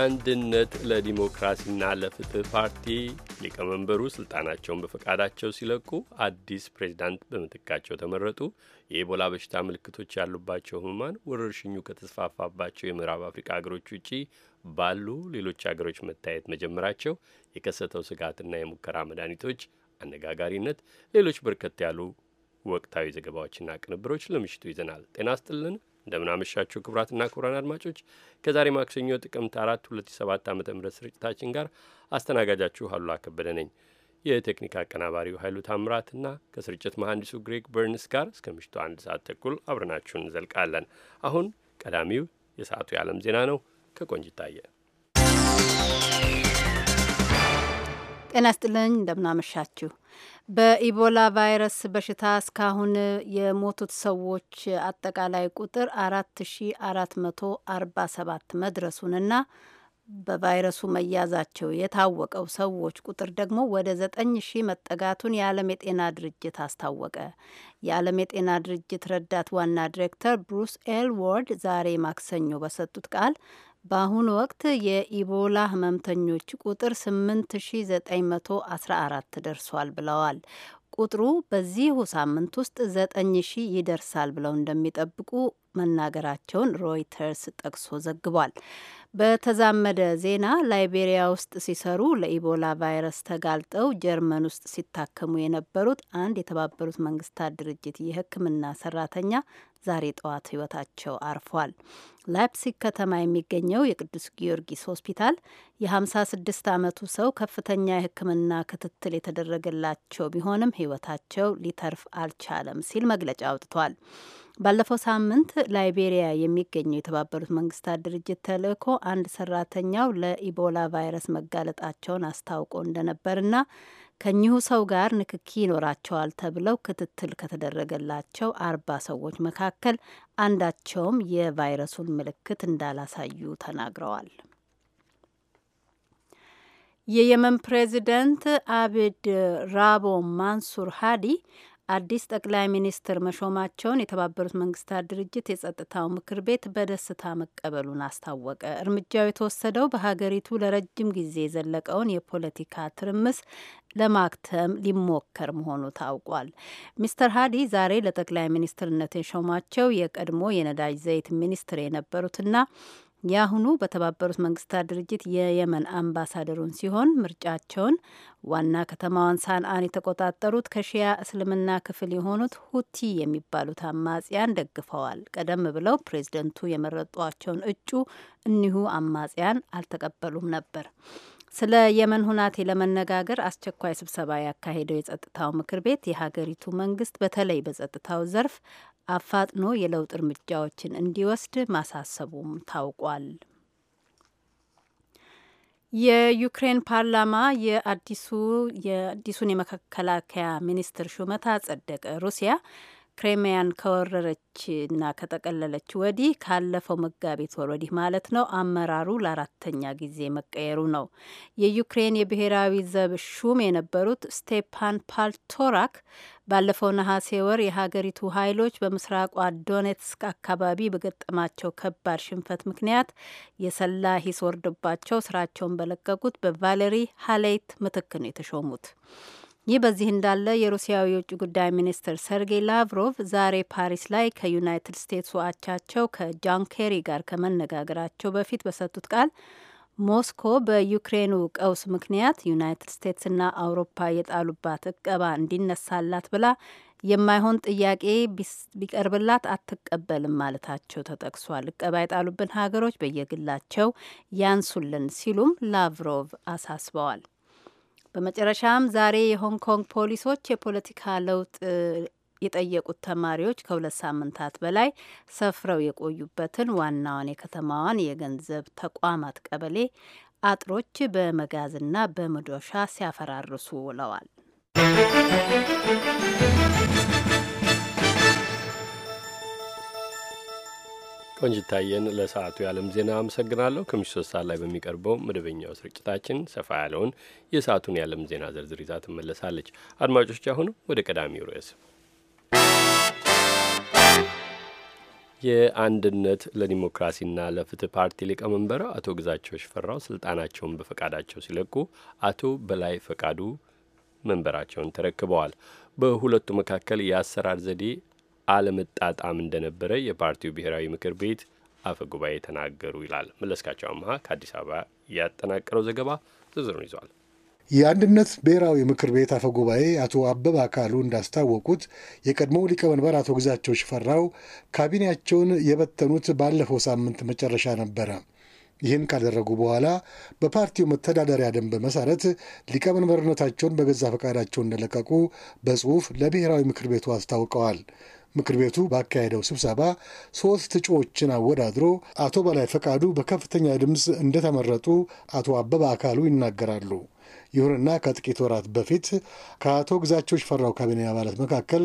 አንድነት ለዲሞክራሲና ለፍትህ ፓርቲ ሊቀመንበሩ ስልጣናቸውን በፈቃዳቸው ሲለቁ አዲስ ፕሬዚዳንት በምትካቸው ተመረጡ። የኢቦላ በሽታ ምልክቶች ያሉባቸው ህሙማን ወረርሽኙ ከተስፋፋባቸው የምዕራብ አፍሪካ ሀገሮች ውጪ ባሉ ሌሎች ሀገሮች መታየት መጀመራቸው፣ የከሰተው ስጋትና የሙከራ መድኃኒቶች አነጋጋሪነት፣ ሌሎች በርከት ያሉ ወቅታዊ ዘገባዎችና ቅንብሮች ለምሽቱ ይዘናል። ጤና ስጥልን። እንደምናመሻችሁ ክቡራትና ክቡራን አድማጮች ከዛሬ ማክሰኞ ጥቅምት አራት 2007 ዓ ም ስርጭታችን ጋር አስተናጋጃችሁ አሉላ ከበደ ነኝ። የቴክኒክ አቀናባሪው ኃይሉ ታምራትና ከስርጭት መሐንዲሱ ግሬግ በርንስ ጋር እስከ ምሽቱ አንድ ሰዓት ተኩል አብረናችሁ እንዘልቃለን። አሁን ቀዳሚው የሰዓቱ የዓለም ዜና ነው። ከቆንጅ ጤና ስጥልኝ። እንደምናመሻችሁ በኢቦላ ቫይረስ በሽታ እስካሁን የሞቱት ሰዎች አጠቃላይ ቁጥር 4447 መድረሱንና በቫይረሱ መያዛቸው የታወቀው ሰዎች ቁጥር ደግሞ ወደ ዘጠኝ ሺህ መጠጋቱን የዓለም የጤና ድርጅት አስታወቀ። የዓለም የጤና ድርጅት ረዳት ዋና ዲሬክተር ብሩስ ኤልዎርድ ዛሬ ማክሰኞ በሰጡት ቃል በአሁኑ ወቅት የኢቦላ ህመምተኞች ቁጥር 8914 ደርሷል ብለዋል። ቁጥሩ በዚሁ ሳምንት ውስጥ 9000 ይደርሳል ብለው እንደሚጠብቁ መናገራቸውን ሮይተርስ ጠቅሶ ዘግቧል። በተዛመደ ዜና ላይቤሪያ ውስጥ ሲሰሩ ለኢቦላ ቫይረስ ተጋልጠው ጀርመን ውስጥ ሲታከሙ የነበሩት አንድ የተባበሩት መንግስታት ድርጅት የሕክምና ሰራተኛ ዛሬ ጠዋት ህይወታቸው አርፏል። ላይፕሲግ ከተማ የሚገኘው የቅዱስ ጊዮርጊስ ሆስፒታል የ56 ዓመቱ ሰው ከፍተኛ የህክምና ክትትል የተደረገላቸው ቢሆንም ህይወታቸው ሊተርፍ አልቻለም ሲል መግለጫ አውጥቷል። ባለፈው ሳምንት ላይቤሪያ የሚገኘው የተባበሩት መንግስታት ድርጅት ተልእኮ አንድ ሰራተኛው ለኢቦላ ቫይረስ መጋለጣቸውን አስታውቆ እንደነበርና ከኚሁ ሰው ጋር ንክኪ ይኖራቸዋል ተብለው ክትትል ከተደረገላቸው አርባ ሰዎች መካከል አንዳቸውም የቫይረሱን ምልክት እንዳላሳዩ ተናግረዋል። የየመን ፕሬዚደንት አብድ ራቦ ማንሱር ሀዲ አዲስ ጠቅላይ ሚኒስትር መሾማቸውን የተባበሩት መንግስታት ድርጅት የጸጥታው ምክር ቤት በደስታ መቀበሉን አስታወቀ። እርምጃው የተወሰደው በሀገሪቱ ለረጅም ጊዜ የዘለቀውን የፖለቲካ ትርምስ ለማክተም ሊሞከር መሆኑ ታውቋል። ሚስተር ሀዲ ዛሬ ለጠቅላይ ሚኒስትርነት የሾማቸው የቀድሞ የነዳጅ ዘይት ሚኒስትር የነበሩትና የአሁኑ በተባበሩት መንግስታት ድርጅት የየመን አምባሳደሩን ሲሆን ምርጫቸውን ዋና ከተማዋን ሳንአን የተቆጣጠሩት ከሺያ እስልምና ክፍል የሆኑት ሁቲ የሚባሉት አማጽያን ደግፈዋል። ቀደም ብለው ፕሬዝደንቱ የመረጧቸውን እጩ እኒሁ አማጽያን አልተቀበሉም ነበር። ስለ የመን ሁናቴ ለመነጋገር አስቸኳይ ስብሰባ ያካሄደው የጸጥታው ምክር ቤት የሀገሪቱ መንግስት በተለይ በጸጥታው ዘርፍ አፋጥኖ የለውጥ እርምጃዎችን እንዲወስድ ማሳሰቡም ታውቋል። የዩክሬን ፓርላማ የአዲሱ የአዲሱን የመከላከያ ሚኒስትር ሹመት አጸደቀ። ሩሲያ ክሬሚያን ከወረረች ከጠቀለለች ወዲህ ካለፈው መጋቢት ወር ወዲህ ማለት ነው አመራሩ ለአራተኛ ጊዜ መቀየሩ ነው። የዩክሬን የብሔራዊ ዘብ ሹም የነበሩት ስቴፓን ፓልቶራክ ባለፈው ነሐሴ ወር የሀገሪቱ ኃይሎች በምስራቋ ዶኔትስክ አካባቢ በገጠማቸው ከባድ ሽንፈት ምክንያት የሰላ ሂስ ወርድባቸው ስራቸውን በለቀቁት በቫሌሪ ሀሌይት ምትክ ነው የተሾሙት። ይህ በዚህ እንዳለ የሩሲያው የውጭ ጉዳይ ሚኒስትር ሰርጌይ ላቭሮቭ ዛሬ ፓሪስ ላይ ከዩናይትድ ስቴትስ አቻቸው ከጃን ኬሪ ጋር ከመነጋገራቸው በፊት በሰጡት ቃል ሞስኮ በዩክሬኑ ቀውስ ምክንያት ዩናይትድ ስቴትስና አውሮፓ የጣሉባት እቀባ እንዲነሳላት ብላ የማይሆን ጥያቄ ቢቀርብላት አትቀበልም ማለታቸው ተጠቅሷል። እቀባ የጣሉብን ሀገሮች በየግላቸው ያንሱልን ሲሉም ላቭሮቭ አሳስበዋል። በመጨረሻም ዛሬ የሆንግ ኮንግ ፖሊሶች የፖለቲካ ለውጥ የጠየቁት ተማሪዎች ከሁለት ሳምንታት በላይ ሰፍረው የቆዩበትን ዋናዋን የከተማዋን የገንዘብ ተቋማት ቀበሌ አጥሮች በመጋዝና በመዶሻ ሲያፈራርሱ ውለዋል። ቆንጅታየን ለሰዓቱ የዓለም ዜና አመሰግናለሁ። ከምሽቱ ሶስት ሰዓት ላይ በሚቀርበው መደበኛው ስርጭታችን ሰፋ ያለውን የሰዓቱን የዓለም ዜና ዝርዝር ይዛ ትመለሳለች። አድማጮች፣ አሁን ወደ ቀዳሚው ርዕስ የአንድነት ለዲሞክራሲና ለፍትህ ፓርቲ ሊቀመንበር አቶ ግዛቸው ሽፈራው ስልጣናቸውን በፈቃዳቸው ሲለቁ አቶ በላይ ፈቃዱ መንበራቸውን ተረክበዋል። በሁለቱ መካከል የአሰራር ዘዴ አለመጣጣም እንደነበረ የፓርቲው ብሔራዊ ምክር ቤት አፈ ጉባኤ ተናገሩ ይላል መለስካቸው አምሃ ከአዲስ አበባ ያጠናቀረው ዘገባ ዝርዝሩን ይዟል። የአንድነት ብሔራዊ ምክር ቤት አፈ ጉባኤ አቶ አበበ አካሉ እንዳስታወቁት የቀድሞው ሊቀመንበር አቶ ግዛቸው ሽፈራው ካቢኔያቸውን የበተኑት ባለፈው ሳምንት መጨረሻ ነበረ። ይህን ካደረጉ በኋላ በፓርቲው መተዳደሪያ ደንብ መሰረት ሊቀመንበርነታቸውን በገዛ ፈቃዳቸው እንደለቀቁ በጽሁፍ ለብሔራዊ ምክር ቤቱ አስታውቀዋል። ምክር ቤቱ ባካሄደው ስብሰባ ሶስት እጩዎችን አወዳድሮ አቶ በላይ ፈቃዱ በከፍተኛ ድምፅ እንደተመረጡ አቶ አበበ አካሉ ይናገራሉ። ይሁንና ከጥቂት ወራት በፊት ከአቶ ግዛቸው ሽፈራው ካቢኔ አባላት መካከል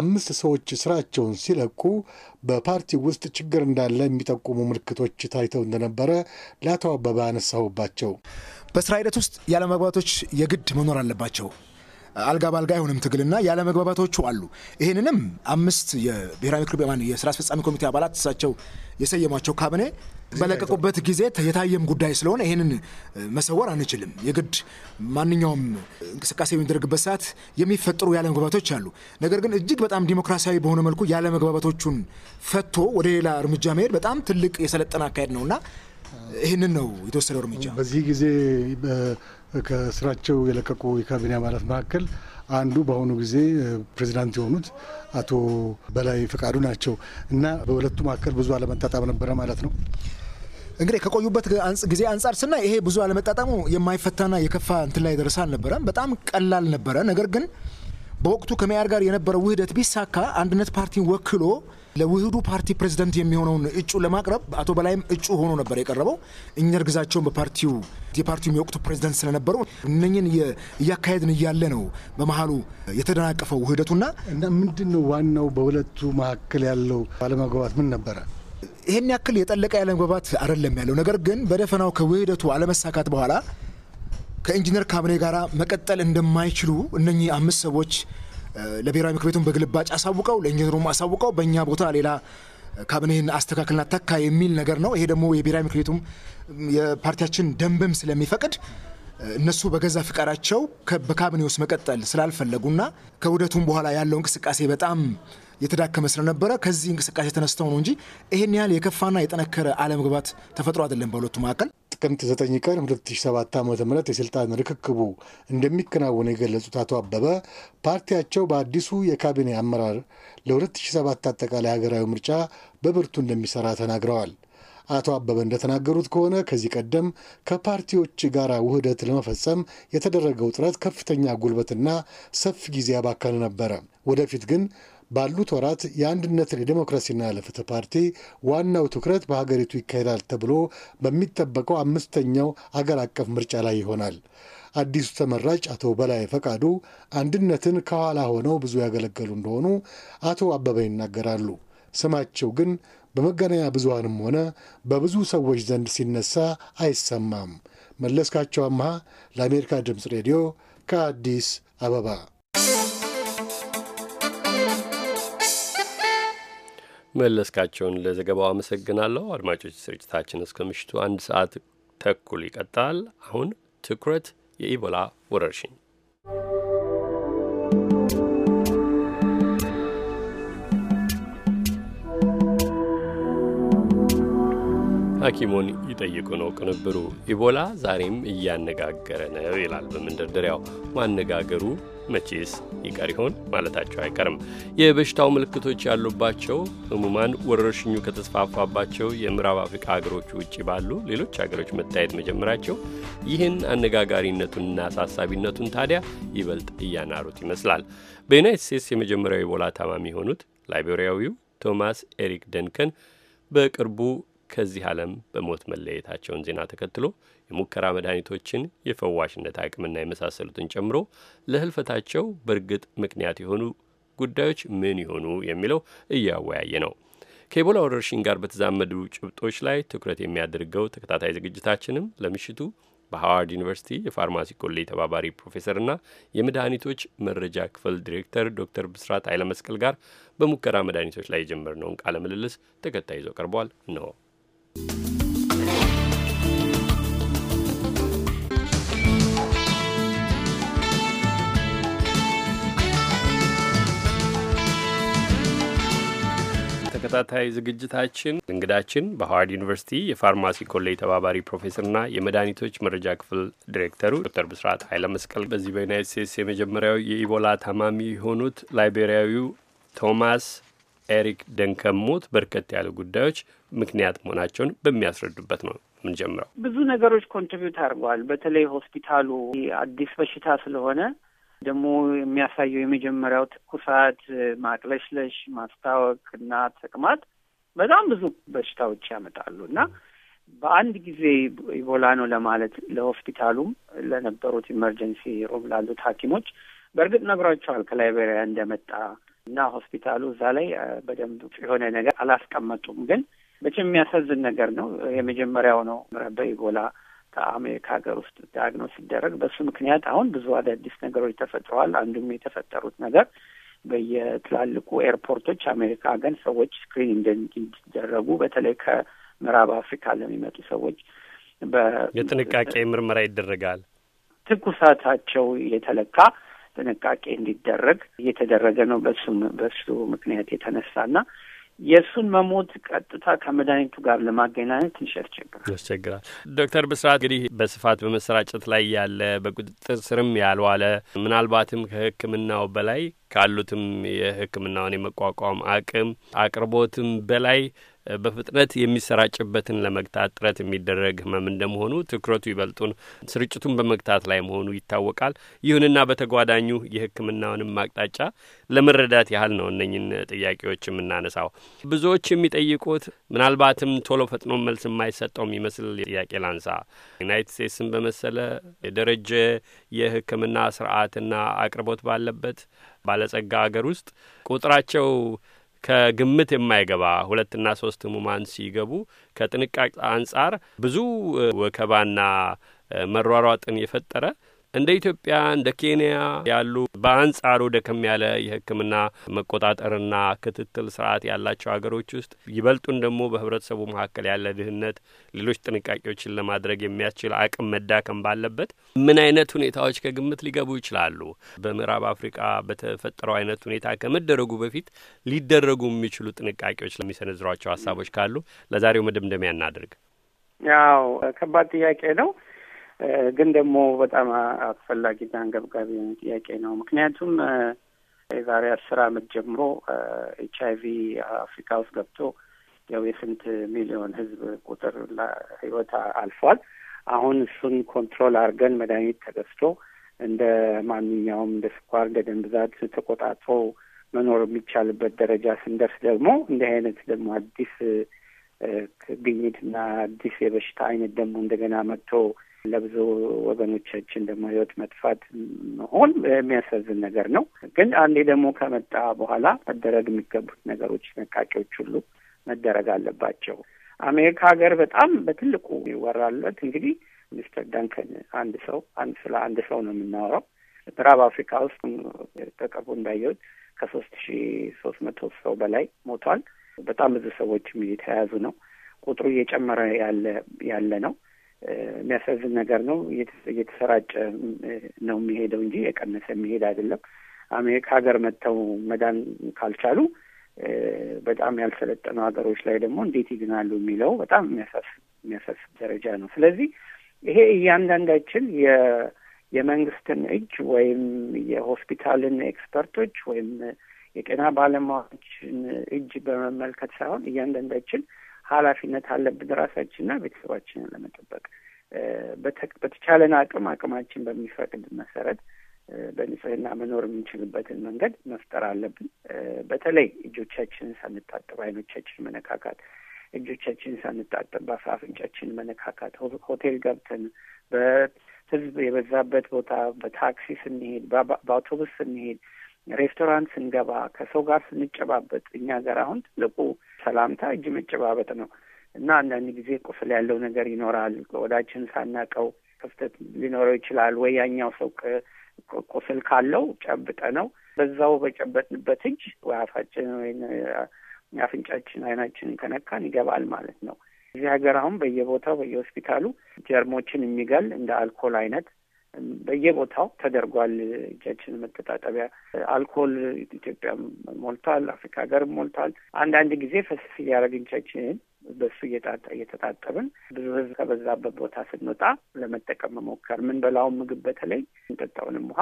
አምስት ሰዎች ስራቸውን ሲለቁ በፓርቲ ውስጥ ችግር እንዳለ የሚጠቁሙ ምልክቶች ታይተው እንደነበረ ለአቶ አበበ አነሳሁባቸው። በስራ ሂደት ውስጥ ያለመግባቶች የግድ መኖር አለባቸው። አልጋ ባልጋ አይሆንም ትግልና ያለመግባባቶቹ አሉ። ይህንንም አምስት የብሔራዊ ምክር ቤት የስራ አስፈጻሚ ኮሚቴ አባላት እሳቸው የሰየሟቸው ካቢኔ በለቀቁበት ጊዜ የታየም ጉዳይ ስለሆነ ይህንን መሰወር አንችልም። የግድ ማንኛውም እንቅስቃሴ የሚደረግበት ሰዓት የሚፈጠሩ ያለመግባባቶች አሉ። ነገር ግን እጅግ በጣም ዲሞክራሲያዊ በሆነ መልኩ ያለመግባባቶቹን ፈቶ ወደ ሌላ እርምጃ መሄድ በጣም ትልቅ የሰለጠነ አካሄድ ነውና ይህንን ነው የተወሰደው እርምጃ በዚህ ጊዜ ከስራቸው የለቀቁ የካቢኔ አባላት መካከል አንዱ በአሁኑ ጊዜ ፕሬዚዳንት የሆኑት አቶ በላይ ፈቃዱ ናቸው እና በሁለቱ መካከል ብዙ አለመጣጣም ነበረ ማለት ነው። እንግዲህ ከቆዩበት ጊዜ አንጻር ስናይ ይሄ ብዙ አለመጣጣሙ የማይፈታና የከፋ እንትን ላይ ደረሰ አልነበረም። በጣም ቀላል ነበረ። ነገር ግን በወቅቱ ከመያር ጋር የነበረው ውህደት ቢሳካ አንድነት ፓርቲን ወክሎ ለውህዱ ፓርቲ ፕሬዚደንት የሚሆነውን እጩ ለማቅረብ አቶ በላይም እጩ ሆኖ ነበር የቀረበው። እኛ ግዛቸውን በፓርቲው የፓርቲው የወቅቱ ፕሬዚደንት ስለነበሩ እነኝን እያካሄድን እያለ ነው በመሀሉ የተደናቀፈው ውህደቱና እና ምንድን ነው ዋናው በሁለቱ መካከል ያለው አለመግባባት ምን ነበረ? ይህን ያክል የጠለቀ ያለመግባባት አይደለም ያለው። ነገር ግን በደፈናው ከውህደቱ አለመሳካት በኋላ ከኢንጂነር ካብኔ ጋር መቀጠል እንደማይችሉ እነኚህ አምስት ሰዎች ለብሔራዊ ምክር ቤቱን በግልባጭ አሳውቀው ለኢንጂነሩም አሳውቀው በእኛ ቦታ ሌላ ካቢኔህን አስተካክልና ተካ የሚል ነገር ነው። ይሄ ደግሞ የብሔራዊ ምክር ቤቱም የፓርቲያችን ደንብም ስለሚፈቅድ እነሱ በገዛ ፍቃዳቸው በካቢኔ ውስጥ መቀጠል ስላልፈለጉና ከውህደቱም በኋላ ያለው እንቅስቃሴ በጣም የተዳከመ ስለነበረ ከዚህ እንቅስቃሴ ተነስተው ነው እንጂ ይህን ያህል የከፋና የጠነከረ አለመግባት ተፈጥሮ አይደለም በሁለቱ መካከል። ጥቅምት 9 ቀን 2007 ዓ ም የሥልጣን ርክክቡ እንደሚከናወን የገለጹት አቶ አበበ ፓርቲያቸው በአዲሱ የካቢኔ አመራር ለ2007 አጠቃላይ ሀገራዊ ምርጫ በብርቱ እንደሚሠራ ተናግረዋል። አቶ አበበ እንደተናገሩት ከሆነ ከዚህ ቀደም ከፓርቲዎች ጋር ውህደት ለመፈጸም የተደረገው ጥረት ከፍተኛ ጉልበትና ሰፊ ጊዜ ያባከነ ነበረ። ወደፊት ግን ባሉት ወራት የአንድነት ለዲሞክራሲና ለፍትህ ፓርቲ ዋናው ትኩረት በሀገሪቱ ይካሄዳል ተብሎ በሚጠበቀው አምስተኛው አገር አቀፍ ምርጫ ላይ ይሆናል። አዲሱ ተመራጭ አቶ በላይ ፈቃዱ አንድነትን ከኋላ ሆነው ብዙ ያገለገሉ እንደሆኑ አቶ አበበ ይናገራሉ። ስማቸው ግን በመገናኛ ብዙሃንም ሆነ በብዙ ሰዎች ዘንድ ሲነሳ አይሰማም። መለስካቸው አምሃ ለአሜሪካ ድምፅ ሬዲዮ ከአዲስ አበባ መለስካቸውን ለዘገባው አመሰግናለሁ። አድማጮች ስርጭታችን እስከ ምሽቱ አንድ ሰዓት ተኩል ይቀጥላል። አሁን ትኩረት የኢቦላ ወረርሽኝ ሐኪሙን ይጠይቁ ነው ቅንብሩ። ኢቦላ ዛሬም እያነጋገረ ነው ይላል በመንደርደሪያው። ማነጋገሩ መቼስ ይቀር ይሆን ማለታቸው አይቀርም። የበሽታው ምልክቶች ያሉባቸው ህሙማን ወረርሽኙ ከተስፋፋባቸው የምዕራብ አፍሪካ ሀገሮች ውጭ ባሉ ሌሎች ሀገሮች መታየት መጀመራቸው ይህን አነጋጋሪነቱንና አሳሳቢነቱን ታዲያ ይበልጥ እያናሩት ይመስላል። በዩናይትድ ስቴትስ የመጀመሪያው ኢቦላ ታማሚ የሆኑት ላይቤሪያዊው ቶማስ ኤሪክ ደንከን በቅርቡ ከዚህ ዓለም በሞት መለየታቸውን ዜና ተከትሎ የሙከራ መድኃኒቶችን የፈዋሽነት አቅምና የመሳሰሉትን ጨምሮ ለህልፈታቸው በእርግጥ ምክንያት የሆኑ ጉዳዮች ምን ይሆኑ የሚለው እያወያየ ነው። ከኤቦላ ወረርሽኝ ጋር በተዛመዱ ጭብጦች ላይ ትኩረት የሚያደርገው ተከታታይ ዝግጅታችንም ለምሽቱ በሃዋርድ ዩኒቨርሲቲ የፋርማሲ ኮሌጅ ተባባሪ ፕሮፌሰርና የመድኃኒቶች መረጃ ክፍል ዲሬክተር ዶክተር ብስራት ኃይለመስቀል ጋር በሙከራ መድኃኒቶች ላይ የጀመርነውን ቃለ ምልልስ ተከታይ ይዞ ቀርቧል ነው። ተከታታይ ዝግጅታችን እንግዳችን በሃዋርድ ዩኒቨርሲቲ የፋርማሲ ኮሌጅ ተባባሪ ፕሮፌሰርና የመድኃኒቶች መረጃ ክፍል ዲሬክተሩ ዶክተር ብስራት ኃይለ መስቀል በዚህ በዩናይት ስቴትስ የመጀመሪያው የኢቦላ ታማሚ የሆኑት ላይቤሪያዊው ቶማስ ኤሪክ ደንከም ሞት በርከት ያሉ ጉዳዮች ምክንያት መሆናቸውን በሚያስረዱበት ነው የምንጀምረው። ብዙ ነገሮች ኮንትሪቢዩት አድርገዋል። በተለይ ሆስፒታሉ አዲስ በሽታ ስለሆነ ደግሞ የሚያሳየው የመጀመሪያው ትኩሳት፣ ማቅለሽለሽ፣ ማስታወክ እና ተቅማጥ በጣም ብዙ በሽታዎች ያመጣሉ እና በአንድ ጊዜ ኢቦላ ነው ለማለት ለሆስፒታሉም ለነበሩት ኢመርጀንሲ ሮም ላሉት ሐኪሞች በእርግጥ ነግሯቸዋል ከላይቤሪያ እንደመጣ እና ሆስፒታሉ እዛ ላይ በደንብ የሆነ ነገር አላስቀመጡም። ግን መቼም የሚያሳዝን ነገር ነው። የመጀመሪያው ነው በኢቦላ ከአሜሪካ ሀገር ውስጥ ዳግኖ ሲደረግ በሱ ምክንያት አሁን ብዙ አዳዲስ ነገሮች ተፈጥረዋል። አንዱም የተፈጠሩት ነገር በየትላልቁ ኤርፖርቶች አሜሪካ ሀገር ሰዎች ስክሪን እንዲደረጉ በተለይ ከምዕራብ አፍሪካ ለሚመጡ ሰዎች የጥንቃቄ ምርመራ ይደረጋል። ትኩሳታቸው የተለካ ጥንቃቄ እንዲደረግ እየተደረገ ነው። በሱ በሱ ምክንያት የተነሳና የእሱን መሞት ቀጥታ ከመድኃኒቱ ጋር ለማገናኘት ትንሽ ያስቸግራል ያስቸግራል። ዶክተር ብስራት እንግዲህ በስፋት በመሰራጨት ላይ ያለ በቁጥጥር ስርም ያልዋለ ምናልባትም ከሕክምናው በላይ ካሉትም የሕክምናውን የመቋቋም አቅም አቅርቦትም በላይ በፍጥነት የሚሰራጭበትን ለመግታት ጥረት የሚደረግ ህመም እንደመሆኑ ትኩረቱ ይበልጡን ስርጭቱን በመግታት ላይ መሆኑ ይታወቃል። ይሁንና በተጓዳኙ የህክምናውንም አቅጣጫ ለመረዳት ያህል ነው እነኝን ጥያቄዎች የምናነሳው። ብዙዎች የሚጠይቁት ምናልባትም ቶሎ ፈጥኖ መልስ የማይሰጠው የሚመስል ጥያቄ ላንሳ። ዩናይትድ ስቴትስን በመሰለ የደረጀ የህክምና ስርዓትና አቅርቦት ባለበት ባለጸጋ አገር ውስጥ ቁጥራቸው ከግምት የማይገባ ሁለትና ሶስት ህሙማን ሲገቡ ከጥንቃቄ አንጻር ብዙ ወከባና መሯሯጥን የፈጠረ እንደ ኢትዮጵያ እንደ ኬንያ ያሉ በአንጻሩ ደከም ያለ የሕክምና መቆጣጠርና ክትትል ስርዓት ያላቸው ሀገሮች ውስጥ ይበልጡን ደግሞ በህብረተሰቡ መካከል ያለ ድህነት፣ ሌሎች ጥንቃቄዎችን ለማድረግ የሚያስችል አቅም መዳከም ባለበት ምን አይነት ሁኔታዎች ከግምት ሊገቡ ይችላሉ? በምዕራብ አፍሪቃ በተፈጠረው አይነት ሁኔታ ከመደረጉ በፊት ሊደረጉ የሚችሉ ጥንቃቄዎች ለሚሰነዝሯቸው ሀሳቦች ካሉ ለዛሬው መደምደሚያ እናድርግ። ያው ከባድ ጥያቄ ነው። ግን ደግሞ በጣም አስፈላጊና አንገብጋቢ ጥያቄ ነው። ምክንያቱም የዛሬ አስር አመት ጀምሮ ኤች አይ ቪ አፍሪካ ውስጥ ገብቶ ያው የስንት ሚሊዮን ህዝብ ቁጥር ህይወት አልፏል። አሁን እሱን ኮንትሮል አድርገን መድኃኒት ተገዝቶ እንደ ማንኛውም እንደ ስኳር፣ እንደ ደም ብዛት ተቆጣጥሮ መኖር የሚቻልበት ደረጃ ስንደርስ ደግሞ እንዲህ አይነት ደግሞ አዲስ ግኝትና አዲስ የበሽታ አይነት ደግሞ እንደገና መጥቶ ለብዙ ወገኖቻችን ደግሞ ህይወት መጥፋት መሆን የሚያሳዝን ነገር ነው። ግን አንዴ ደግሞ ከመጣ በኋላ መደረግ የሚገቡት ነገሮች ጥንቃቄዎች ሁሉ መደረግ አለባቸው። አሜሪካ ሀገር በጣም በትልቁ ይወራለት እንግዲህ ሚስተር ዳንከን አንድ ሰው አንድ ስለ አንድ ሰው ነው የምናወራው። ምዕራብ አፍሪካ ውስጥ በቅርቡ እንዳየሁት ከሶስት ሺ ሶስት መቶ ሰው በላይ ሞቷል። በጣም ብዙ ሰዎችም እየተያያዙ ነው። ቁጥሩ እየጨመረ ያለ ያለ ነው። የሚያሳዝን ነገር ነው። እየተሰራጨ ነው የሚሄደው እንጂ የቀነሰ የሚሄድ አይደለም። አሜሪካ ሀገር መጥተው መዳን ካልቻሉ በጣም ያልሰለጠኑ ሀገሮች ላይ ደግሞ እንዴት ይግናሉ የሚለው በጣም የሚያሳስብ ደረጃ ነው። ስለዚህ ይሄ እያንዳንዳችን የመንግስትን እጅ ወይም የሆስፒታልን ኤክስፐርቶች ወይም የጤና ባለሙያዎችን እጅ በመመልከት ሳይሆን እያንዳንዳችን ኃላፊነት አለብን ራሳችንና ቤተሰባችንን ለመጠበቅ በተቻለን አቅም አቅማችን በሚፈቅድ መሰረት በንጽህና መኖር የምንችልበትን መንገድ መፍጠር አለብን። በተለይ እጆቻችንን ሳንታጠብ አይኖቻችን መነካካት፣ እጆቻችንን ሳንታጠብ በአፍንጫችን መነካካት፣ ሆቴል ገብተን፣ በህዝብ የበዛበት ቦታ፣ በታክሲ ስንሄድ፣ በአውቶቡስ ስንሄድ ሬስቶራንት ስንገባ ከሰው ጋር ስንጨባበጥ እኛ ሀገር አሁን ትልቁ ሰላምታ እጅ መጨባበጥ ነው እና አንዳንድ ጊዜ ቁስል ያለው ነገር ይኖራል። ወዳችን ሳናቀው ክፍተት ሊኖረው ይችላል። ወይ ያኛው ሰው ቁስል ካለው ጨብጠ ነው በዛው በጨበጥንበት እጅ ወይ አፋችን ወይ አፍንጫችን፣ አይናችንን ከነካን ይገባል ማለት ነው። እዚህ ሀገር አሁን በየቦታው በየሆስፒታሉ ጀርሞችን የሚገል እንደ አልኮል አይነት በየቦታው ተደርጓል። እጃችን መተጣጠቢያ አልኮል ኢትዮጵያ ሞልቷል፣ አፍሪካ ሀገር ሞልቷል። አንዳንድ ጊዜ ፈሰስ እያደረግን እጃችንን በሱ እየተጣጠብን ብዙ ህዝብ ከበዛበት ቦታ ስንወጣ ለመጠቀም መሞከር፣ በላውን ምግብ በተለይ እንጠጣውንም ውሃ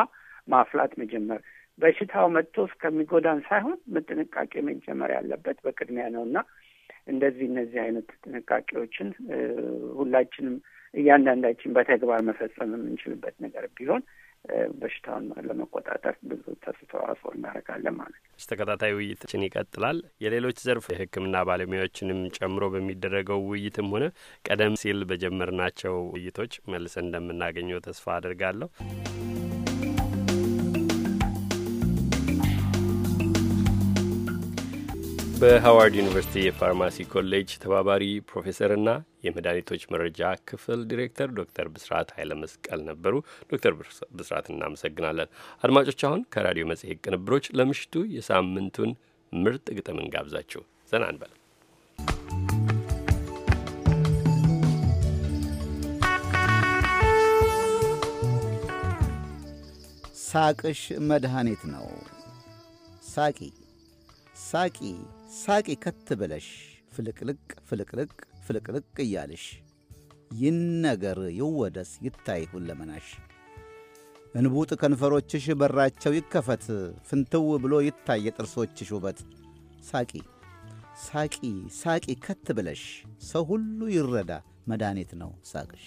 ማፍላት መጀመር በሽታው መጥቶ እስከሚጎዳን ሳይሆን ጥንቃቄ መጀመር ያለበት በቅድሚያ ነው እና እንደዚህ እነዚህ አይነት ጥንቃቄዎችን ሁላችንም እያንዳንዳችን በተግባር መፈጸም የምንችልበት ነገር ቢሆን በሽታውን ለመቆጣጠር ብዙ ተስተዋጽኦ እናደርጋለን ማለት ነው። ተከታታይ ውይይታችን ይቀጥላል። የሌሎች ዘርፍ የሕክምና ባለሙያዎችንም ጨምሮ በሚደረገው ውይይትም ሆነ ቀደም ሲል በጀመርናቸው ውይይቶች መልሰን እንደምናገኘው ተስፋ አድርጋለሁ። በሃዋርድ ዩኒቨርሲቲ የፋርማሲ ኮሌጅ ተባባሪ ፕሮፌሰርና የመድኃኒቶች መረጃ ክፍል ዲሬክተር ዶክተር ብስራት ኃይለ መስቀል ነበሩ። ዶክተር ብስራት እናመሰግናለን። አድማጮች፣ አሁን ከራዲዮ መጽሔት ቅንብሮች ለምሽቱ የሳምንቱን ምርጥ ግጥም እንጋብዛችሁ። ዘና እንበል። ሳቅሽ መድኃኒት ነው ሳቂ ሳቂ ሳቂ ከት ብለሽ ፍልቅልቅ ፍልቅልቅ ፍልቅልቅ እያልሽ ነገር ይወደስ ይታይ ሁለመናሽ እንቡጥ ከንፈሮችሽ በራቸው ይከፈት ፍንትው ብሎ ይታይ የጥርሶችሽ ውበት ሳቂ ሳቂ ሳቂ ከት ብለሽ ሰው ሁሉ ይረዳ መድኃኒት ነው ሳቅሽ።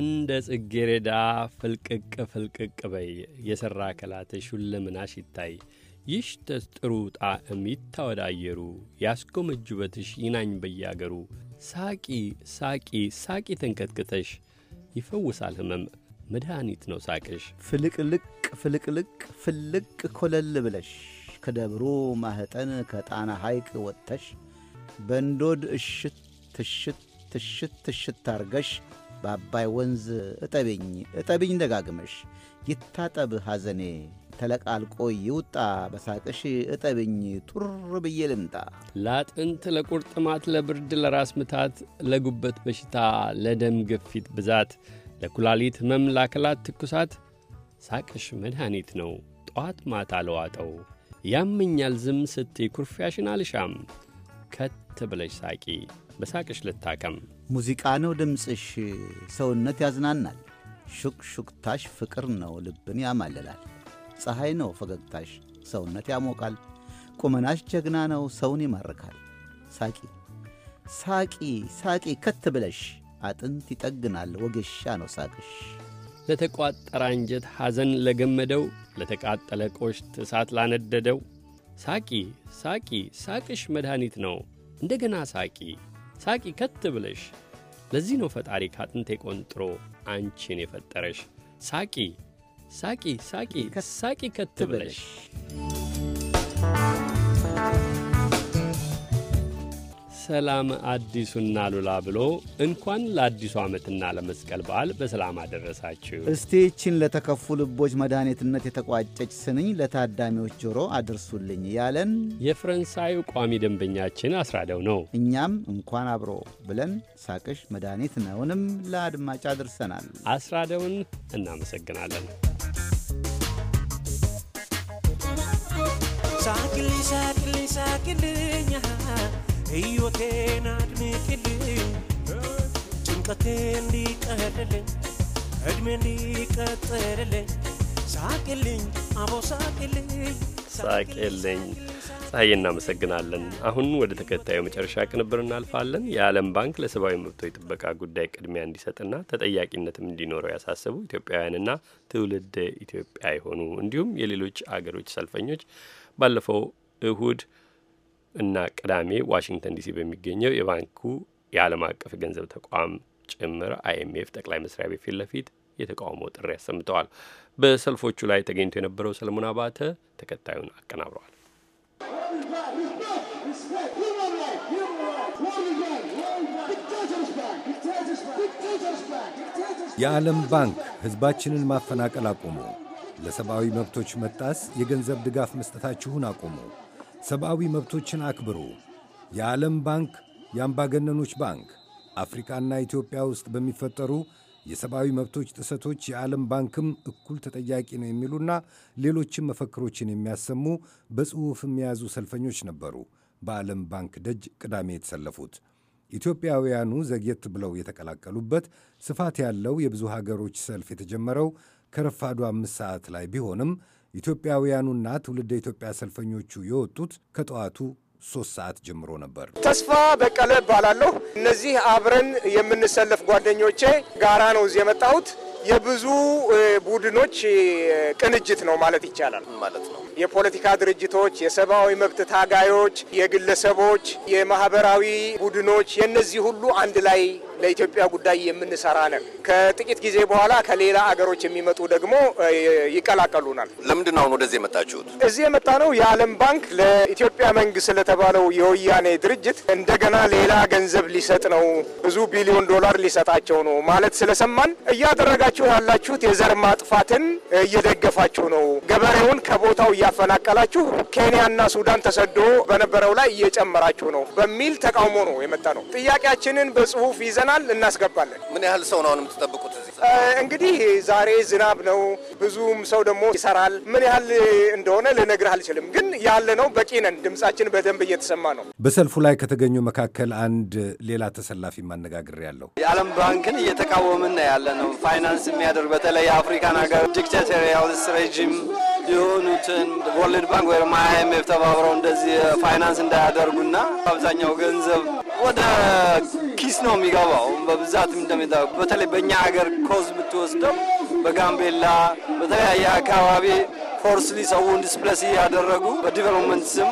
እንደ ጽጌረዳ ፍልቅቅ ፍልቅቅ በይ የሠራ ከላትሽ ሁለመናሽ ይታይ ይሽ ተጥሩ ጣዕም ይታወዳየሩ ያስጎመጁበትሽ ይናኝ በያገሩ ሳቂ ሳቂ ሳቂ ተንቀጥቅጠሽ ይፈውሳል ህመም መድኃኒት ነው ሳቅሽ ፍልቅልቅ ፍልቅልቅ ፍልቅ ኮለል ብለሽ ከደብሩ ማህጠን ከጣና ሐይቅ ወጥተሽ በእንዶድ እሽት ትሽት ትሽት ትሽት ታርገሽ በአባይ ወንዝ እጠብኝ እጠብኝ ደጋግመሽ ይታጠብ ሐዘኔ ተለቃልቆ ይውጣ በሳቅሽ እጠብኝ ጡር ብዬ ልምጣ። ለአጥንት ለቁርጥማት፣ ለብርድ፣ ለራስ ምታት፣ ለጉበት በሽታ፣ ለደም ግፊት ብዛት፣ ለኩላሊት ህመም፣ ለአካላት ትኩሳት ሳቅሽ መድኃኒት ነው ጠዋት ማታ ለዋጠው። ያመኛል ዝም ስትይ ኩርፊያሽን አልሻም ከት ብለሽ ሳቂ በሳቅሽ ልታከም። ሙዚቃ ነው ድምፅሽ ሰውነት ያዝናናል። ሹክሹክታሽ ፍቅር ነው ልብን ያማልላል። ፀሐይ ነው ፈገግታሽ፣ ሰውነት ያሞቃል። ቁመናሽ ጀግና ነው፣ ሰውን ይማርካል። ሳቂ ሳቂ ሳቂ ከት ብለሽ አጥንት ይጠግናል፣ ወጌሻ ነው ሳቅሽ። ለተቋጠረ አንጀት ሐዘን ለገመደው፣ ለተቃጠለ ቆሽት እሳት ላነደደው ሳቂ ሳቂ ሳቅሽ መድኃኒት ነው። እንደገና ሳቂ ሳቂ ከት ብለሽ ለዚህ ነው ፈጣሪ ካጥንቴ ቆንጥሮ አንቺን የፈጠረሽ። ሳቂ ሳቂ ሳቂ ሳቂ ከት ብለሽ ሰላም አዲሱና ሉላ ብሎ እንኳን ለአዲሱ ዓመትና ለመስቀል በዓል በሰላም አደረሳችሁ። እስቲ ይችን ለተከፉ ልቦች መድኃኒትነት የተቋጨች ስንኝ ለታዳሚዎች ጆሮ አድርሱልኝ ያለን የፈረንሳዩ ቋሚ ደንበኛችን አስራደው ነው። እኛም እንኳን አብሮ ብለን ሳቅሽ መድኃኒት ነውንም ለአድማጭ አድርሰናል። አስራደውን እናመሰግናለን። ሳቅልኝ ሕይወቴን አድምቅልኝ ጭንቀቴ እድሜ እንዲቀጥልልኝ ሳቅልኝ አቦ ሳቅልኝ ሳቅልኝ። ፀሐይ እናመሰግናለን። አሁን ወደ ተከታዩ መጨረሻ ቅንብር እናልፋለን። የዓለም ባንክ ለሰብአዊ መብቶች ጥበቃ ጉዳይ ቅድሚያ እንዲሰጥና ተጠያቂነትም እንዲኖረው ያሳሰቡ ኢትዮጵያውያንና ትውልድ ኢትዮጵያ የሆኑ እንዲሁም የሌሎች አገሮች ሰልፈኞች ባለፈው እሁድ እና ቅዳሜ ዋሽንግተን ዲሲ በሚገኘው የባንኩ የዓለም አቀፍ ገንዘብ ተቋም ጭምር አይኤምኤፍ ጠቅላይ መስሪያ ቤት ፊት ለፊት የተቃውሞ ጥሪ አሰምተዋል። በሰልፎቹ ላይ ተገኝቶ የነበረው ሰለሞን አባተ ተከታዩን አቀናብረዋል። የዓለም ባንክ ሕዝባችንን ማፈናቀል አቁሞ ለሰብአዊ መብቶች መጣስ የገንዘብ ድጋፍ መስጠታችሁን አቁሙ። ሰብአዊ መብቶችን አክብሩ። የዓለም ባንክ የአምባገነኖች ባንክ አፍሪካና ኢትዮጵያ ውስጥ በሚፈጠሩ የሰብአዊ መብቶች ጥሰቶች የዓለም ባንክም እኩል ተጠያቂ ነው የሚሉና ሌሎችም መፈክሮችን የሚያሰሙ በጽሑፍም የያዙ ሰልፈኞች ነበሩ በዓለም ባንክ ደጅ ቅዳሜ የተሰለፉት። ኢትዮጵያውያኑ ዘግየት ብለው የተቀላቀሉበት ስፋት ያለው የብዙ ሀገሮች ሰልፍ የተጀመረው ከረፋዱ አምስት ሰዓት ላይ ቢሆንም ኢትዮጵያውያኑና ትውልደ ኢትዮጵያ ሰልፈኞቹ የወጡት ከጠዋቱ ሶስት ሰዓት ጀምሮ ነበር። ተስፋ በቀለ እባላለሁ። እነዚህ አብረን የምንሰለፍ ጓደኞቼ ጋራ ነው እዚህ የመጣሁት። የብዙ ቡድኖች ቅንጅት ነው ማለት ይቻላል ማለት ነው። የፖለቲካ ድርጅቶች፣ የሰብአዊ መብት ታጋዮች፣ የግለሰቦች፣ የማህበራዊ ቡድኖች የእነዚህ ሁሉ አንድ ላይ ለኢትዮጵያ ጉዳይ የምንሰራ ነን። ከጥቂት ጊዜ በኋላ ከሌላ አገሮች የሚመጡ ደግሞ ይቀላቀሉናል። ለምንድን ነው አሁን ወደዚህ የመጣችሁት? እዚህ የመጣ ነው የዓለም ባንክ ለኢትዮጵያ መንግስት ለተባለው የወያኔ ድርጅት እንደገና ሌላ ገንዘብ ሊሰጥ ነው፣ ብዙ ቢሊዮን ዶላር ሊሰጣቸው ነው ማለት ስለሰማን እያደረጋችሁ ያላችሁት የዘር ማጥፋትን እየደገፋችሁ ነው፣ ገበሬውን ከቦታው እያፈናቀላችሁ ኬንያና ሱዳን ተሰዶ በነበረው ላይ እየጨመራችሁ ነው በሚል ተቃውሞ ነው የመጣ ነው። ጥያቄያችንን በጽሁፍ ይዘናል፣ እናስገባለን። ምን ያህል ሰው ነው አሁን የምትጠብቁት? እንግዲህ ዛሬ ዝናብ ነው፣ ብዙም ሰው ደግሞ ይሰራል። ምን ያህል እንደሆነ ልነግርህ አልችልም፣ ግን ያለ ነው በቂ ነን። ድምጻችን በደንብ እየተሰማ ነው። በሰልፉ ላይ ከተገኙ መካከል አንድ ሌላ ተሰላፊ ማነጋግር ያለው የዓለም ባንክን እየተቃወምን ያለ ነው ፋይናንስ የሚያደርግ በተለይ የአፍሪካን ሀገር ዲክቴተሪያል ሬጂም የሆኑትን ወርልድ ባንክ ወይም አይኤምኤፍ ተባብረው እንደዚህ ፋይናንስ እንዳያደርጉና አብዛኛው ገንዘብ ወደ ኪስ ነው የሚገባው። በብዛት እንደሚታወቅ በተለይ በእኛ ሀገር ኮዝ ብትወስደው በጋምቤላ በተለያየ አካባቢ ፎርስሊ ሰውን ዲስፕለስ እያደረጉ በዲቨሎፕመንት ስም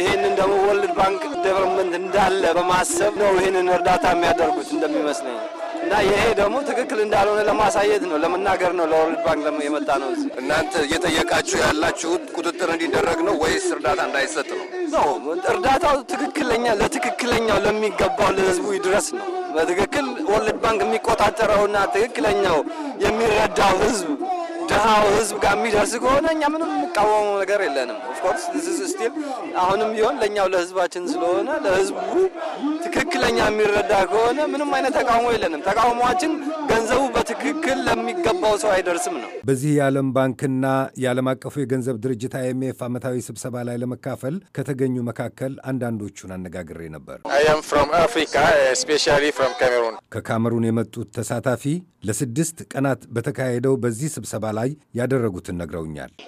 ይህንን ደግሞ ወርልድ ባንክ ዴቨሎፕመንት እንዳለ በማሰብ ነው ይህንን እርዳታ የሚያደርጉት እንደሚመስለኝ። እና ይሄ ደግሞ ትክክል እንዳልሆነ ለማሳየት ነው፣ ለመናገር ነው። ለወርልድ ባንክ የመጣ ነው። እናንተ እየጠየቃችሁ ያላችሁት ቁጥጥር እንዲደረግ ነው ወይስ እርዳታ እንዳይሰጥ ነው? ነው እርዳታው ትክክለኛ ለትክክለኛው ለሚገባው ለህዝቡ ይድረስ ነው። በትክክል ወርልድ ባንክ የሚቆጣጠረውና ትክክለኛው የሚረዳው ህዝብ ደሃው ህዝብ ጋር የሚደርስ ከሆነ እኛ ምንም የሚቃወመው ነገር የለንም። ኦፍኮርስ ስቲል አሁንም ቢሆን ለእኛው ለህዝባችን ስለሆነ ለህዝቡ ትክክለኛ የሚረዳ ከሆነ ምንም አይነት ተቃውሞ የለንም። ተቃውሟችን ገንዘቡ በትክክል ለሚገባው ሰው አይደርስም ነው። በዚህ የዓለም ባንክና የዓለም አቀፉ የገንዘብ ድርጅት አይኤምኤፍ ዓመታዊ ስብሰባ ላይ ለመካፈል ከተገኙ መካከል አንዳንዶቹን አነጋግሬ ነበር። ከካሜሩን የመጡት ተሳታፊ ለስድስት ቀናት በተካሄደው በዚህ ስብሰባ ላይ ያደረጉትን ነግረውኛል። uh,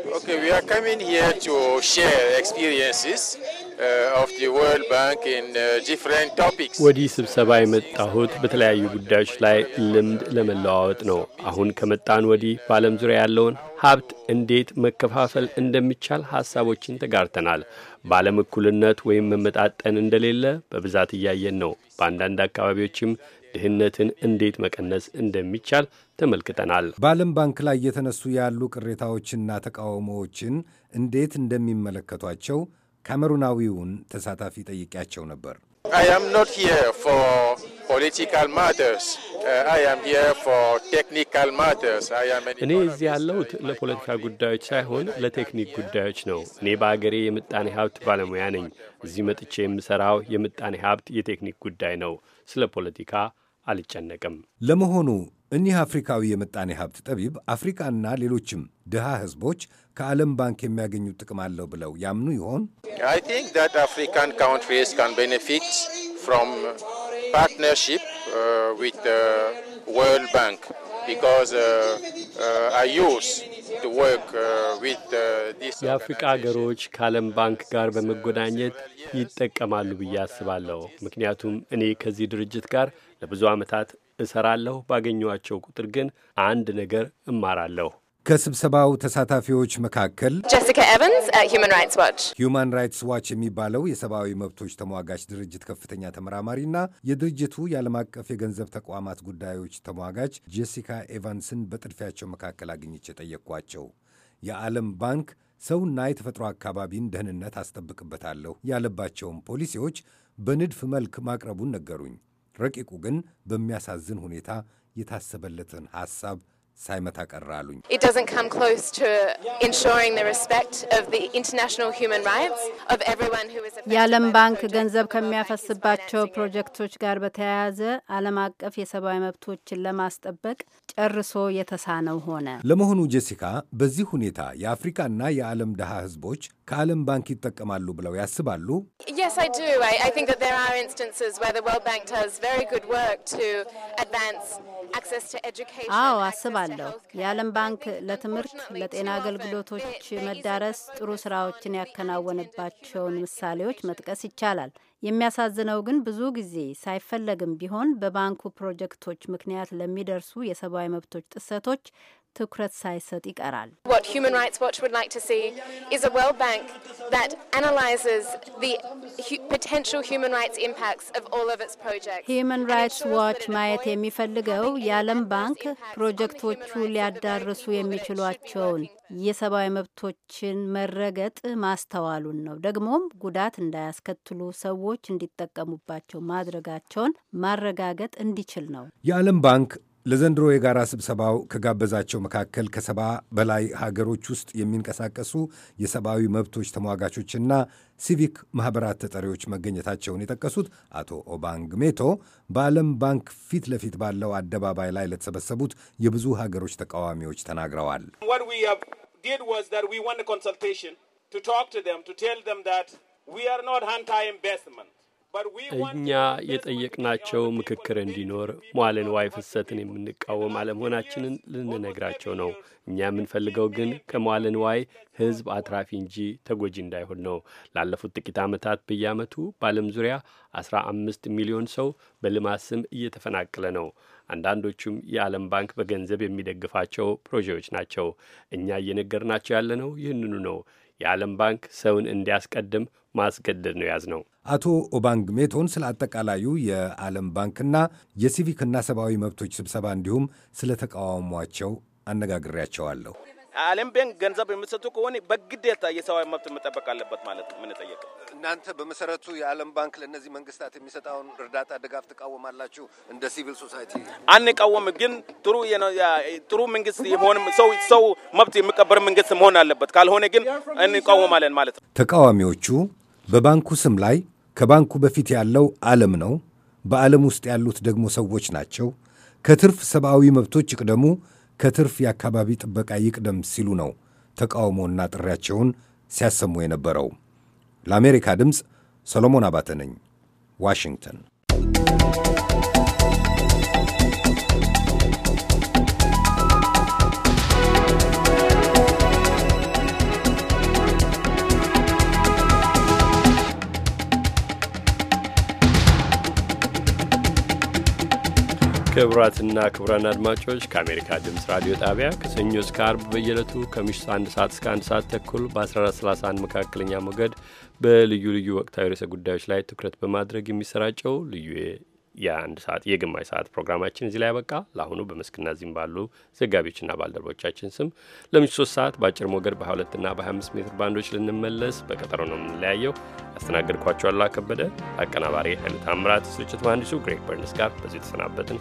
uh, ወዲህ ስብሰባ የመጣሁት በተለያዩ ጉዳዮች ላይ ልምድ ለመለዋወጥ ነው። አሁን ከመጣን ወዲህ በዓለም ዙሪያ ያለውን ሀብት እንዴት መከፋፈል እንደሚቻል ሀሳቦችን ተጋርተናል። በዓለም እኩልነት ወይም መመጣጠን እንደሌለ በብዛት እያየን ነው። በአንዳንድ አካባቢዎችም ድህነትን እንዴት መቀነስ እንደሚቻል ተመልክተናል። በዓለም ባንክ ላይ እየተነሱ ያሉ ቅሬታዎችና ተቃውሞዎችን እንዴት እንደሚመለከቷቸው ካሜሩናዊውን ተሳታፊ ጠይቄያቸው ነበር። uh, እኔ እዚህ ያለሁት ለፖለቲካ ጉዳዮች ሳይሆን ለቴክኒክ ጉዳዮች ነው። እኔ በአገሬ የምጣኔ ሀብት ባለሙያ ነኝ። እዚህ መጥቼ የምሰራው የምጣኔ ሀብት የቴክኒክ ጉዳይ ነው። ስለ ፖለቲካ አልጨነቅም። ለመሆኑ እኒህ አፍሪካዊ የምጣኔ ሀብት ጠቢብ አፍሪካና ሌሎችም ድሃ ህዝቦች ከዓለም ባንክ የሚያገኙት ጥቅም አለው ብለው ያምኑ ይሆን? አፍሪካን ካንትሪስ ካን ቤኔፊት ፍሮም ፓርትነርሺፕ ዊዝ ወርልድ ባንክ የአፍሪቃ ሀገሮች ከዓለም ባንክ ጋር በመጎናኘት ይጠቀማሉ ብዬ አስባለሁ። ምክንያቱም እኔ ከዚህ ድርጅት ጋር ለብዙ ዓመታት እሰራለሁ። ባገኘኋቸው ቁጥር ግን አንድ ነገር እማራለሁ። ከስብሰባው ተሳታፊዎች መካከል ጀሲካ ኤቨንስ ሁማን ራይትስ ዋች ሁማን ራይትስ ዋች የሚባለው የሰብአዊ መብቶች ተሟጋች ድርጅት ከፍተኛ ተመራማሪና የድርጅቱ የዓለም አቀፍ የገንዘብ ተቋማት ጉዳዮች ተሟጋች ጀሲካ ኤቫንስን በጥድፊያቸው መካከል አግኝቼ ጠየቅኳቸው። የዓለም ባንክ ሰውና የተፈጥሮ አካባቢን ደህንነት አስጠብቅበታለሁ ያለባቸውን ፖሊሲዎች በንድፍ መልክ ማቅረቡን ነገሩኝ። ረቂቁ ግን በሚያሳዝን ሁኔታ የታሰበለትን ሐሳብ ሳይመታ ቀረ አሉኝ። የዓለም ባንክ ገንዘብ ከሚያፈስባቸው ፕሮጀክቶች ጋር በተያያዘ ዓለም አቀፍ የሰብአዊ መብቶችን ለማስጠበቅ ጨርሶ የተሳነው ሆነ። ለመሆኑ ጄሲካ፣ በዚህ ሁኔታ የአፍሪካና የዓለም ድሃ ህዝቦች ከዓለም ባንክ ይጠቀማሉ ብለው ያስባሉ? አዎ አስባ አስባለሁ። የዓለም ባንክ ለትምህርት ለጤና አገልግሎቶች መዳረስ ጥሩ ስራዎችን ያከናወነባቸውን ምሳሌዎች መጥቀስ ይቻላል። የሚያሳዝነው ግን ብዙ ጊዜ ሳይፈለግም ቢሆን በባንኩ ፕሮጀክቶች ምክንያት ለሚደርሱ የሰብአዊ መብቶች ጥሰቶች ትኩረት ሳይሰጥ ይቀራል። ሂዩማን ራይትስ ዋች ማየት የሚፈልገው የዓለም ባንክ ፕሮጀክቶቹ ሊያዳርሱ የሚችሏቸውን የሰብአዊ መብቶችን መረገጥ ማስተዋሉን ነው። ደግሞም ጉዳት እንዳያስከትሉ ሰዎች እንዲጠቀሙባቸው ማድረጋቸውን ማረጋገጥ እንዲችል ነው። የዓለም ባንክ ለዘንድሮ የጋራ ስብሰባው ከጋበዛቸው መካከል ከሰባ በላይ ሀገሮች ውስጥ የሚንቀሳቀሱ የሰብአዊ መብቶች ተሟጋቾችና ሲቪክ ማኅበራት ተጠሪዎች መገኘታቸውን የጠቀሱት አቶ ኦባንግ ሜቶ በዓለም ባንክ ፊት ለፊት ባለው አደባባይ ላይ ለተሰበሰቡት የብዙ ሀገሮች ተቃዋሚዎች ተናግረዋል። እኛ የጠየቅናቸው ምክክር እንዲኖር ሟለን ዋይ ፍሰትን የምንቃወም አለመሆናችንን ልንነግራቸው ነው። እኛ የምንፈልገው ግን ከሟለን ዋይ ሕዝብ አትራፊ እንጂ ተጎጂ እንዳይሆን ነው። ላለፉት ጥቂት ዓመታት በየዓመቱ በዓለም ዙሪያ 15 ሚሊዮን ሰው በልማት ስም እየተፈናቀለ ነው። አንዳንዶቹም የዓለም ባንክ በገንዘብ የሚደግፋቸው ፕሮጀዎች ናቸው። እኛ እየነገርናቸው ያለነው ይህንኑ ነው። የዓለም ባንክ ሰውን እንዲያስቀድም ማስገደድ ነው ያዝ ነው። አቶ ኦባንግ ሜቶን ስለ አጠቃላዩ የዓለም ባንክና የሲቪክና ሰብአዊ መብቶች ስብሰባ እንዲሁም ስለ ተቃውሟቸው አነጋግሬያቸዋለሁ። ዓለም ባንክ ገንዘብ የምትሰጡ ከሆነ በግዴታ የሰብአዊ መብት መጠበቅ አለበት ማለት ምን እናንተ በመሰረቱ የዓለም ባንክ ለእነዚህ መንግስታት የሚሰጠውን እርዳታ ድጋፍ ትቃወማላችሁ? እንደ ሲቪል ሶሳይቲ አንቃወም፣ ግን ጥሩ ጥሩ መንግስት የሆን ሰው ሰው መብት የሚቀበር መንግስት መሆን አለበት። ካልሆነ ግን እንቃወማለን ማለት ነው። ተቃዋሚዎቹ በባንኩ ስም ላይ ከባንኩ በፊት ያለው ዓለም ነው፣ በዓለም ውስጥ ያሉት ደግሞ ሰዎች ናቸው። ከትርፍ ሰብአዊ መብቶች ይቅደሙ፣ ከትርፍ የአካባቢ ጥበቃ ይቅደም ሲሉ ነው ተቃውሞና ጥሪያቸውን ሲያሰሙ የነበረው። ለአሜሪካ ድምፅ ሰሎሞን አባተ ነኝ ዋሽንግተን ክቡራትና ክቡራን አድማጮች ከአሜሪካ ድምፅ ራዲዮ ጣቢያ ከሰኞ እስከ አርብ በየዕለቱ ከምሽቱ አንድ ሰዓት እስከ አንድ ሰዓት ተኩል በ1431 መካከለኛ ሞገድ በልዩ ልዩ ወቅታዊ ርዕሰ ጉዳዮች ላይ ትኩረት በማድረግ የሚሰራጨው ልዩ የአንድ ሰዓት የግማሽ ሰዓት ፕሮግራማችን እዚህ ላይ ያበቃ። ለአሁኑ በመስክና ዚህም ባሉ ዘጋቢዎችና ባልደረቦቻችን ስም ለምሽቱ ሶስት ሰዓት በአጭር ሞገድ በ22ና በ25 ሜትር ባንዶች ልንመለስ በቀጠሮ ነው የምንለያየው። ያስተናገድኳቸው አላ ከበደ፣ አቀናባሪ ኃይለ ታምራት፣ ስርጭት መሀንዲሱ ግሬግ በርንስ ጋር በዚሁ የተሰናበትን።